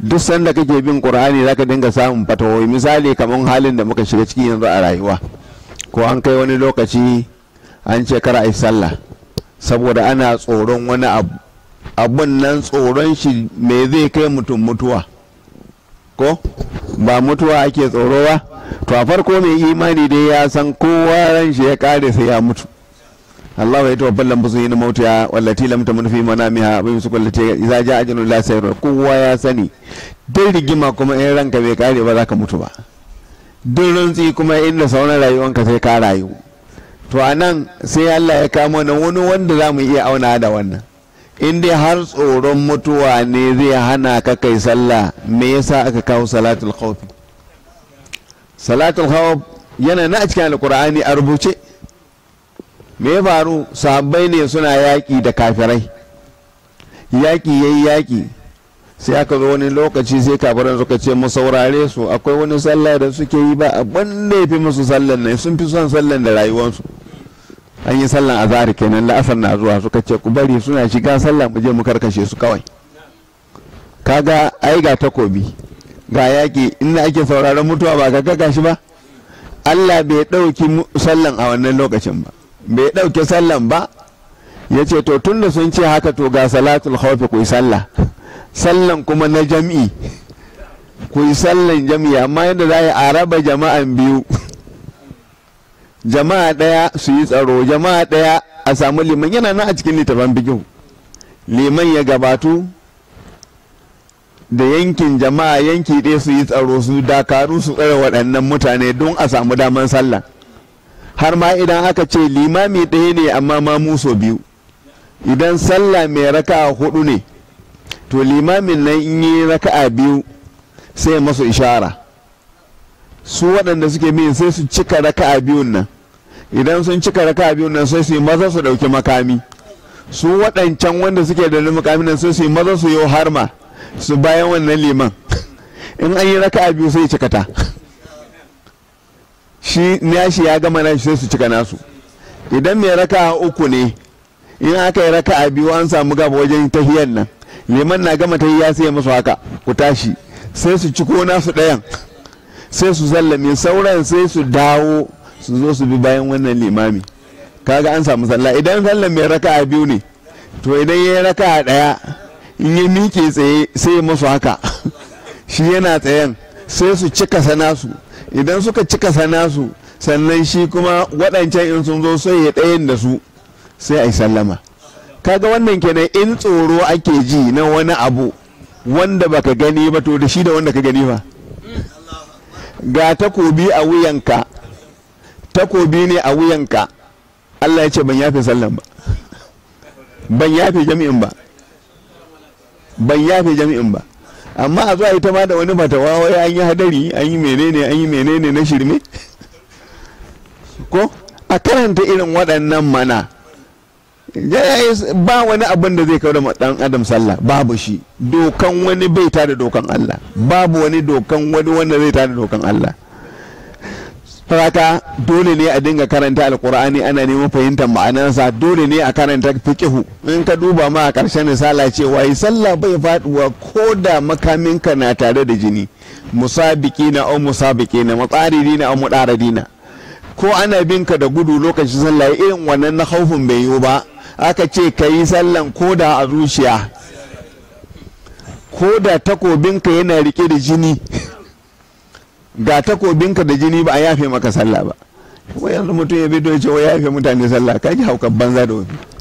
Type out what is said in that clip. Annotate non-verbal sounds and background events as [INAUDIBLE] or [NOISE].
duk sanda kake bin qur'ani zaka dinga samun fatawoyi misali kamar halin da muka shiga ciki yanzu a rayuwa ko an kai wani lokaci an ce kar ai sallah saboda ana tsoron wani abu abun nan tsoron shi me zai kai mutum mutuwa ko ba mutuwa ake tsoro ba to a farko mai imani dai ya san kowa ran shi ya kare sai ya mutu الله يتوفى الانفسين موتها والتي لم تمن في منامها ويمسك التي اذا جاء اجل الله سير kowa ya sani dai rigima kuma in ranka bai kare ba za ka mutu ba duk rantsi kuma inda sauran ka sai ka rayu to a nan sai Allah ya kama na wani wanda za mu iya auna da wannan in dai har tsoron mutuwa ne zai hana ka kai sallah me yasa aka kawo salatul khawf salatul khawf yana na a cikin alqur'ani a rubuce me ya faru sahabbai ne suna yaƙi da kafirai yaƙi ya yi yaƙi sai aka zo wani lokaci sai kafirai suka ce mu saurare su akwai wani sallah da suke yi ba abin da ya fi musu sallan ne sun fi son sallan da rayuwarsu an yi sallan azhar kenan la'asar na zuwa suka ce ku bari suna shiga sallah mu je mu karkashe su kawai kaga ai ga takobi ga yaƙi inda ake sauraron mutuwa ba ka kaka shi ba Allah bai ɗauki sallan a wannan lokacin ba bai ɗauke sallan ba ya ce to tun da sun ce haka to ga salatul khawfi ku yi sallah sallan kuma na jam'i ku yi sallan jam'i amma yadda za a araba jama'an biyu jama'a ɗaya su yi tsaro jama'a ɗaya a samu liman yana nan a cikin littafin bikin liman ya gabatu da yankin jama'a yanki ɗaya su yi tsaro su dakaru su tsare waɗannan mutane don a samu daman sallah har ma idan aka ce limami ɗaya ne amma ma muso biyu idan sallah mai a hudu ne to limamin nan in yi raka a biyu sai masu ishara su waɗanda suke min sai su cika raka a biyun nan idan sun cika raka a biyun nan sai su yi maza su ɗauki makami su waɗancan wanda suke da makami nan sai su yi maza su yi harma su bayan wannan liman in an yi raka a biyu sai cikata shi nashi ya gama nashi sai su cika nasu idan mai raka uku ne in aka yi raka a biyu an samu gaba wajen tahiyan nan liman na gama tahiya sai ya musu haka ku tashi sai su ciko nasu ɗayan sai su sallame sauran sai su dawo su zo su bi bayan wannan limami kaga an samu sallah idan sallan mai raka a biyu ne to idan ya raka a ɗaya in ya miƙe tsaye sai ya musu haka [LAUGHS] shi yana tsayen sai su cika sana idan suka cika sana su sannan shi kuma waɗancan in sun zo sai ya ɗayan da su sai a yi sallama kaga wannan kenan in tsoro ake ji na wani abu wanda baka gani ba to da shi da wanda ka gani ba ga takobi a wuyanka takobi ne a wuyanka Allah ya ce ban yafe sallan ba ban yafe jami'in ba ban yafe jami'in ba amma a zuwa ita ma da wani matawa wai an yi hadari an yi menene an yi menene na shirme ko a karanta irin waɗannan mana ba wani abin da zai kawo ɗan adam sallah babu shi dokan wani bai tada dokan Allah babu wani dokan wani wanda zai tada dokan Allah fata dole ne a dinga karanta alkur'ani ana neman fahimtar ma'anarsa dole ne a karanta fikihu in ka duba ma a ƙarshen risala cewa yi sallah bai faduwa ko da makaminka na tare da jini musabiki na au musabiki na matsariri na au mudarari na ko ana bin ka da gudu lokacin sallah irin wannan na haufin bai yiwu ba aka ce ka yi sallan ko da a zuciya ko da takobinka yana rike da jini [LAUGHS] ga takobinka da jini ba a yafe maka sallah ba yanzu mutum ya bi ya ce ya yafe mutane sallah kaji haukan banza da wofi